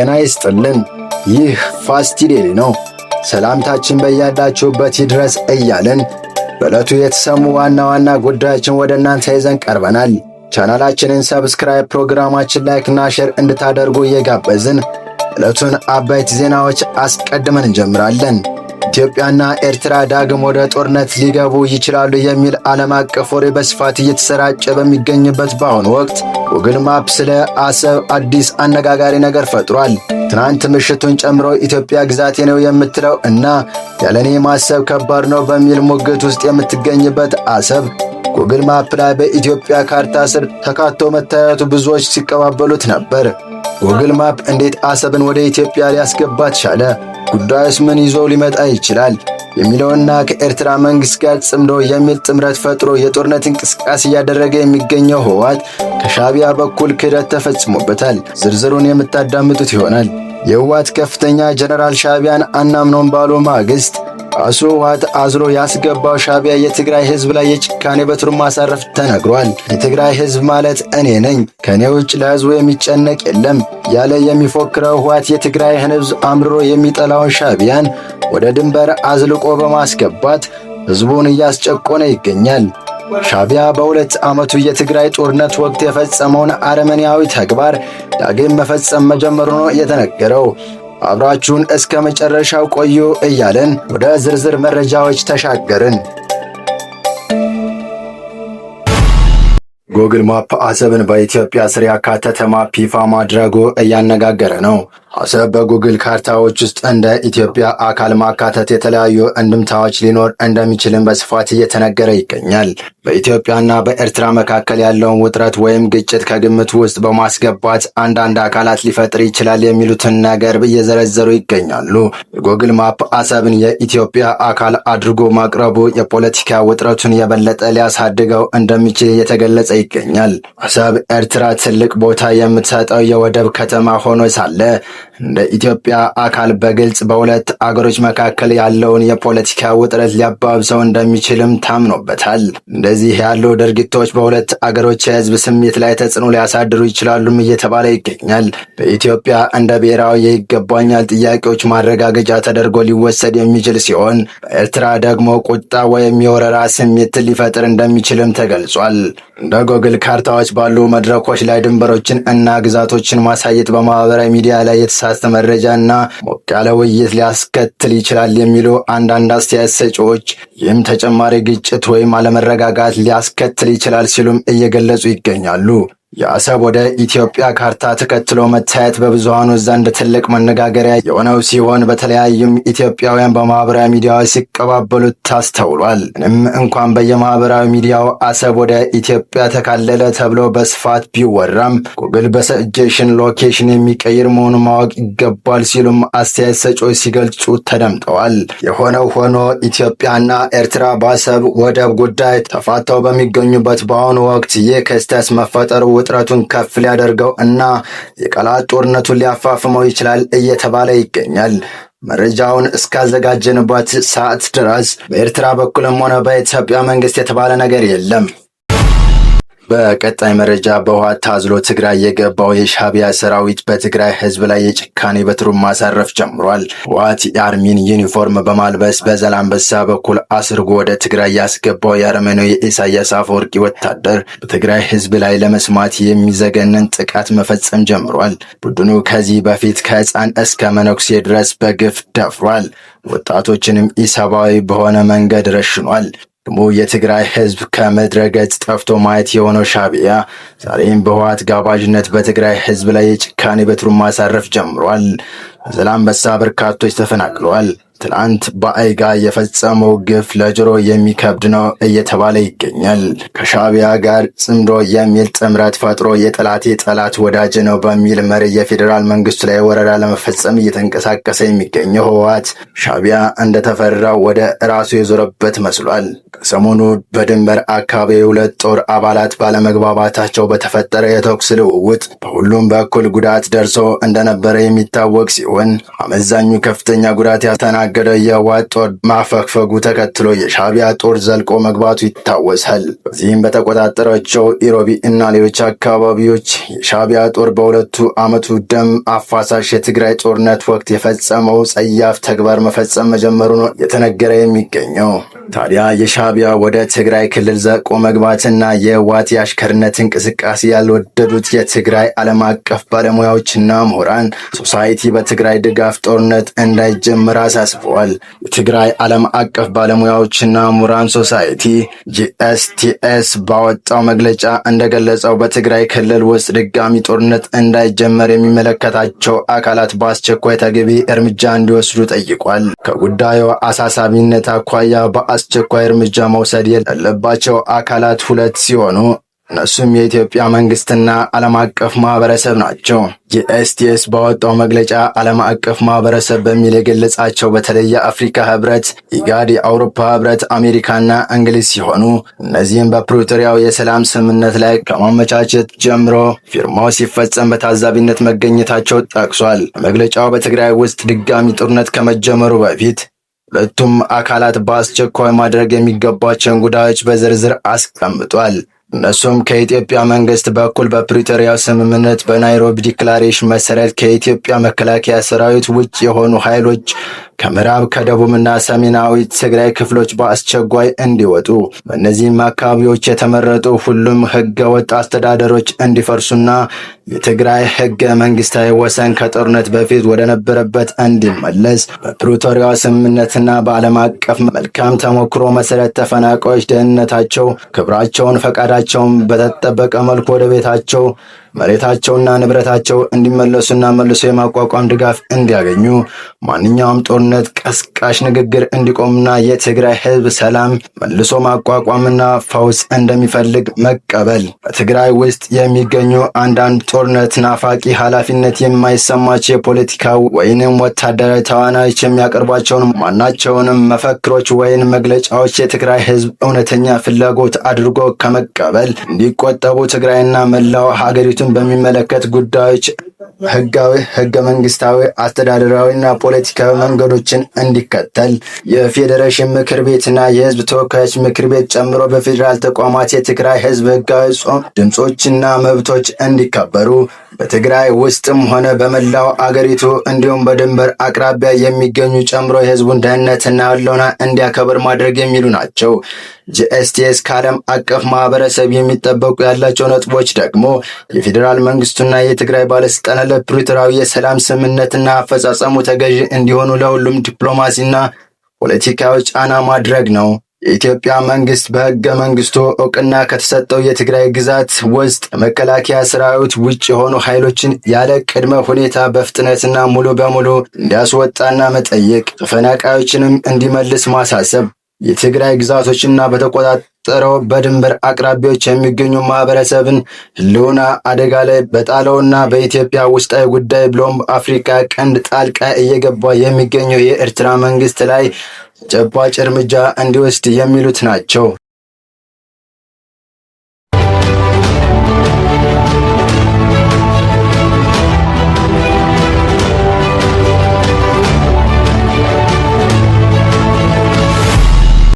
ጤና ይስጥልን። ይህ ፋስቲ ዴሊ ነው። ሰላምታችን በያላችሁበት ይድረስ እያልን በዕለቱ የተሰሙ ዋና ዋና ጉዳዮችን ወደ እናንተ ይዘን ቀርበናል። ቻናላችንን ሰብስክራይብ፣ ፕሮግራማችን ላይክና ሼር እንድታደርጉ እየጋበዝን ዕለቱን አበይት ዜናዎች አስቀድመን እንጀምራለን። ኢትዮጵያና ኤርትራ ዳግም ወደ ጦርነት ሊገቡ ይችላሉ የሚል ዓለም አቀፍ ወሬ በስፋት እየተሰራጨ በሚገኝበት በአሁኑ ወቅት ጉግል ማፕ ስለ አሰብ አዲስ አነጋጋሪ ነገር ፈጥሯል። ትናንት ምሽቱን ጨምሮ ኢትዮጵያ ግዛቴ ነው የምትለው እና ያለኔ ማሰብ ከባድ ነው በሚል ሙግት ውስጥ የምትገኝበት አሰብ ጉግል ማፕ ላይ በኢትዮጵያ ካርታ ስር ተካቶ መታየቱ ብዙዎች ሲቀባበሉት ነበር። ጉግል ማፕ እንዴት አሰብን ወደ ኢትዮጵያ ሊያስገባት ቻለ? ጉዳዩስ ምን ይዞ ሊመጣ ይችላል የሚለውና ከኤርትራ መንግስት ጋር ጽምዶ የሚል ጥምረት ፈጥሮ የጦርነት እንቅስቃሴ እያደረገ የሚገኘው ህወሓት ከሻቢያ በኩል ክህደት ተፈጽሞበታል። ዝርዝሩን የምታዳምጡት ይሆናል። የህወሓት ከፍተኛ ጀነራል ሻቢያን አናምኖን ባሉ ማግስት ውሃት አዝሎ ያስገባው ሻቢያ የትግራይ ህዝብ ላይ የጭካኔ በትሩ ማሳረፍ ተነግሯል። የትግራይ ህዝብ ማለት እኔ ነኝ፣ ከእኔ ውጭ ለህዝቡ የሚጨነቅ የለም ያለ የሚፎክረው ህወሓት የትግራይን ህዝብ አምርሮ የሚጠላውን ሻቢያን ወደ ድንበር አዝልቆ በማስገባት ህዝቡን እያስጨቆነ ይገኛል። ሻቢያ በሁለት ዓመቱ የትግራይ ጦርነት ወቅት የፈጸመውን አረመኔያዊ ተግባር ዳግም መፈጸም መጀመሩ ነው የተነገረው። አብራችሁን እስከ መጨረሻው ቆዩ እያለን ወደ ዝርዝር መረጃዎች ተሻገርን። ጉግል ማፕ አሰብን በኢትዮጵያ ስር ያካተተ ማፕ ይፋ ማድረጉ እያነጋገረ ነው። አሰብ በጉግል ካርታዎች ውስጥ እንደ ኢትዮጵያ አካል ማካተት የተለያዩ እንድምታዎች ሊኖር እንደሚችልም በስፋት እየተነገረ ይገኛል። በኢትዮጵያና በኤርትራ መካከል ያለውን ውጥረት ወይም ግጭት ከግምት ውስጥ በማስገባት አንዳንድ አካላት ሊፈጥር ይችላል የሚሉትን ነገር እየዘረዘሩ ይገኛሉ። የጉግል ማፕ አሰብን የኢትዮጵያ አካል አድርጎ ማቅረቡ የፖለቲካ ውጥረቱን የበለጠ ሊያሳድገው እንደሚችል እየተገለጸ ይገኛል። አሰብ ኤርትራ ትልቅ ቦታ የምትሰጠው የወደብ ከተማ ሆኖ ሳለ እንደ ኢትዮጵያ አካል በግልጽ በሁለት አገሮች መካከል ያለውን የፖለቲካ ውጥረት ሊያባብሰው እንደሚችልም ታምኖበታል። እንደዚህ ያሉ ድርጊቶች በሁለት አገሮች የህዝብ ስሜት ላይ ተጽዕኖ ሊያሳድሩ ይችላሉም እየተባለ ይገኛል። በኢትዮጵያ እንደ ብሔራዊ የይገባኛል ጥያቄዎች ማረጋገጫ ተደርጎ ሊወሰድ የሚችል ሲሆን፣ በኤርትራ ደግሞ ቁጣ ወይም የወረራ ስሜት ሊፈጥር እንደሚችልም ተገልጿል። እንደ ጎግል ካርታዎች ባሉ መድረኮች ላይ ድንበሮችን እና ግዛቶችን ማሳየት በማህበራዊ ሚዲያ ላይ የተሳ የተሳሳተ መረጃና ሞቅ ያለ ውይይት ሊያስከትል ይችላል የሚሉ አንዳንድ አስተያየት ሰጪዎች ይህም ተጨማሪ ግጭት ወይም አለመረጋጋት ሊያስከትል ይችላል ሲሉም እየገለጹ ይገኛሉ። የአሰብ ወደ ኢትዮጵያ ካርታ ተከትሎ መታየት በብዙሃኑ ዘንድ ትልቅ መነጋገሪያ የሆነው ሲሆን በተለያዩም ኢትዮጵያውያን በማህበራዊ ሚዲያዎች ሲቀባበሉት ታስተውሏል። ምንም እንኳን በየማህበራዊ ሚዲያው አሰብ ወደ ኢትዮጵያ ተካለለ ተብሎ በስፋት ቢወራም ጉግል በሰጀሽን ሎኬሽን የሚቀይር መሆኑን ማወቅ ይገባል ሲሉም አስተያየት ሰጪዎች ሲገልጹ ተደምጠዋል። የሆነው ሆኖ ኢትዮጵያና ኤርትራ በአሰብ ወደብ ጉዳይ ተፋተው በሚገኙበት በአሁኑ ወቅት ይህ ክስተት መፈጠሩ ውጥረቱን ከፍ ሊያደርገው እና የቃላት ጦርነቱን ሊያፋፍመው ይችላል እየተባለ ይገኛል። መረጃውን እስካዘጋጀንባት ሰዓት ድረስ በኤርትራ በኩልም ሆነ በኢትዮጵያ መንግስት የተባለ ነገር የለም። በቀጣይ መረጃ በውሃ ታዝሎ ትግራይ የገባው የሻቢያ ሰራዊት በትግራይ ህዝብ ላይ የጭካኔ በትሩን ማሳረፍ ጀምሯል። ዋት የአርሚን ዩኒፎርም በማልበስ በዘላንበሳ በኩል አስርጎ ወደ ትግራይ ያስገባው የአረመኔው የኢሳያስ አፈወርቂ ወታደር በትግራይ ህዝብ ላይ ለመስማት የሚዘገንን ጥቃት መፈጸም ጀምሯል። ቡድኑ ከዚህ በፊት ከህፃን እስከ መነኩሴ ድረስ በግፍ ደፍሯል። ወጣቶችንም ኢሰብአዊ በሆነ መንገድ ረሽኗል። ደግሞ የትግራይ ህዝብ ከምድረ ገጽ ጠፍቶ ማየት የሆነው ሻቢያ ዛሬም በህወሓት ጋባዥነት በትግራይ ህዝብ ላይ የጭካኔ በትሩን ማሳረፍ ጀምሯል። በዛላምበሳ በርካቶች ተፈናቅለዋል። ትናንት በአይጋ የፈጸመው ግፍ ለጆሮ የሚከብድ ነው እየተባለ ይገኛል። ከሻቢያ ጋር ጽምዶ የሚል ጥምረት ፈጥሮ የጠላቴ ጠላት ወዳጅ ነው በሚል መሪ የፌዴራል መንግስቱ ላይ ወረራ ለመፈጸም እየተንቀሳቀሰ የሚገኘው ህወሓት ሻቢያ እንደተፈራው ወደ ራሱ የዞረበት መስሏል። ከሰሞኑ በድንበር አካባቢ የሁለት ጦር አባላት ባለመግባባታቸው በተፈጠረ የተኩስ ልውውጥ በሁሉም በኩል ጉዳት ደርሶ እንደነበረ የሚታወቅ ሲሆን አመዛኙ ከፍተኛ ጉዳት ያስተናግ የተስተናገደ የህወሓት ጦር ማፈግፈጉ ተከትሎ የሻቢያ ጦር ዘልቆ መግባቱ ይታወሳል። በዚህም በተቆጣጠረቸው ኢሮቢ እና ሌሎች አካባቢዎች የሻቢያ ጦር በሁለቱ ዓመቱ ደም አፋሳሽ የትግራይ ጦርነት ወቅት የፈጸመው ጸያፍ ተግባር መፈጸም መጀመሩ ነው የተነገረ የሚገኘው። ታዲያ የሻቢያ ወደ ትግራይ ክልል ዘቆ መግባትና የህወሓት የአሽከርነት እንቅስቃሴ ያልወደዱት የትግራይ ዓለም አቀፍ ባለሙያዎችና ምሁራን ሶሳይቲ በትግራይ ድጋፍ ጦርነት እንዳይጀምር አሳስበዋል። የትግራይ ዓለም አቀፍ ባለሙያዎችና ምሁራን ሶሳይቲ ጂኤስቲኤስ ባወጣው መግለጫ እንደገለጸው በትግራይ ክልል ውስጥ ድጋሚ ጦርነት እንዳይጀመር የሚመለከታቸው አካላት በአስቸኳይ ተገቢ እርምጃ እንዲወስዱ ጠይቋል። ከጉዳዩ አሳሳቢነት አኳያ በአ አስቸኳይ እርምጃ መውሰድ ያለባቸው አካላት ሁለት ሲሆኑ እነሱም የኢትዮጵያ መንግስትና ዓለም አቀፍ ማህበረሰብ ናቸው። የኤስቲኤስ ባወጣው መግለጫ ዓለም አቀፍ ማህበረሰብ በሚል የገለጻቸው በተለይ የአፍሪካ ህብረት፣ ኢጋድ፣ የአውሮፓ ህብረት፣ አሜሪካና እንግሊዝ ሲሆኑ እነዚህም በፕሪቶሪያው የሰላም ስምምነት ላይ ከማመቻቸት ጀምሮ ፊርማው ሲፈጸም በታዛቢነት መገኘታቸው ጠቅሷል። መግለጫው በትግራይ ውስጥ ድጋሚ ጦርነት ከመጀመሩ በፊት ሁለቱም አካላት በአስቸኳይ ማድረግ የሚገባቸውን ጉዳዮች በዝርዝር አስቀምጧል። እነሱም ከኢትዮጵያ መንግስት በኩል በፕሪቶሪያው ስምምነት በናይሮቢ ዲክላሬሽን መሰረት ከኢትዮጵያ መከላከያ ሰራዊት ውጭ የሆኑ ኃይሎች ከምዕራብ ከደቡብና ሰሜናዊ ትግራይ ክፍሎች በአስቸኳይ እንዲወጡ በእነዚህም አካባቢዎች የተመረጡ ሁሉም ህገወጥ አስተዳደሮች እንዲፈርሱና የትግራይ ህገ መንግስታዊ ወሰን ከጦርነት በፊት ወደ ነበረበት እንዲመለስ በፕሪቶሪያ ስምምነትና በዓለም አቀፍ መልካም ተሞክሮ መሰረት ተፈናቃዮች ደህንነታቸው፣ ክብራቸውን፣ ፈቃዳቸውን በተጠበቀ መልኩ ወደ ቤታቸው መሬታቸውና ንብረታቸው እንዲመለሱና መልሶ የማቋቋም ድጋፍ እንዲያገኙ ማንኛውም ጦርነት ቀስቃሽ ንግግር እንዲቆምና የትግራይ ህዝብ ሰላም መልሶ ማቋቋምና ፈውስ እንደሚፈልግ መቀበል በትግራይ ውስጥ የሚገኙ አንዳንድ ጦርነት ናፋቂ ኃላፊነት የማይሰማቸው የፖለቲካ ወይንም ወታደራዊ ተዋናዮች የሚያቀርቧቸውን ማናቸውንም መፈክሮች ወይን መግለጫዎች የትግራይ ህዝብ እውነተኛ ፍላጎት አድርጎ ከመቀበል እንዲቆጠቡ ትግራይና መላው ሀገሪቱ ሀገሪቱን በሚመለከት ጉዳዮች ህጋዊ፣ ህገ መንግስታዊ፣ አስተዳደራዊና ፖለቲካዊ መንገዶችን እንዲከተል የፌዴሬሽን ምክር ቤትና የህዝብ ተወካዮች ምክር ቤት ጨምሮ በፌዴራል ተቋማት የትግራይ ህዝብ ህጋዊ ድምፆችና መብቶች እንዲከበሩ በትግራይ ውስጥም ሆነ በመላው አገሪቱ እንዲሁም በድንበር አቅራቢያ የሚገኙ ጨምሮ የህዝቡን ደህንነትና ህልውና እንዲያከብር ማድረግ የሚሉ ናቸው። ጂኤስቲኤስ ከዓለም አቀፍ ማህበረሰብ የሚጠበቁ ያላቸው ነጥቦች ደግሞ የፌዴራል መንግስቱና የትግራይ ባለስልጣናት ለፕሪቶሪያው የሰላም ስምምነትና አፈጻጸሙ ተገዢ እንዲሆኑ ለሁሉም ዲፕሎማሲና ፖለቲካዊ ጫና ማድረግ ነው። የኢትዮጵያ መንግስት በህገ መንግስቱ እውቅና ከተሰጠው የትግራይ ግዛት ውስጥ መከላከያ ሰራዊት ውጭ የሆኑ ኃይሎችን ያለ ቅድመ ሁኔታ በፍጥነትና ሙሉ በሙሉ እንዲያስወጣና መጠየቅ፣ ተፈናቃዮችንም እንዲመልስ ማሳሰብ፣ የትግራይ ግዛቶችና በተቆጣጠረው በድንበር አቅራቢዎች የሚገኙ ማህበረሰብን ህልውና አደጋ ላይ በጣለውና በኢትዮጵያ ውስጣዊ ጉዳይ ብሎም አፍሪካ ቀንድ ጣልቃ እየገባ የሚገኘው የኤርትራ መንግስት ላይ ጨባጭ እርምጃ እንዲወስድ የሚሉት ናቸው።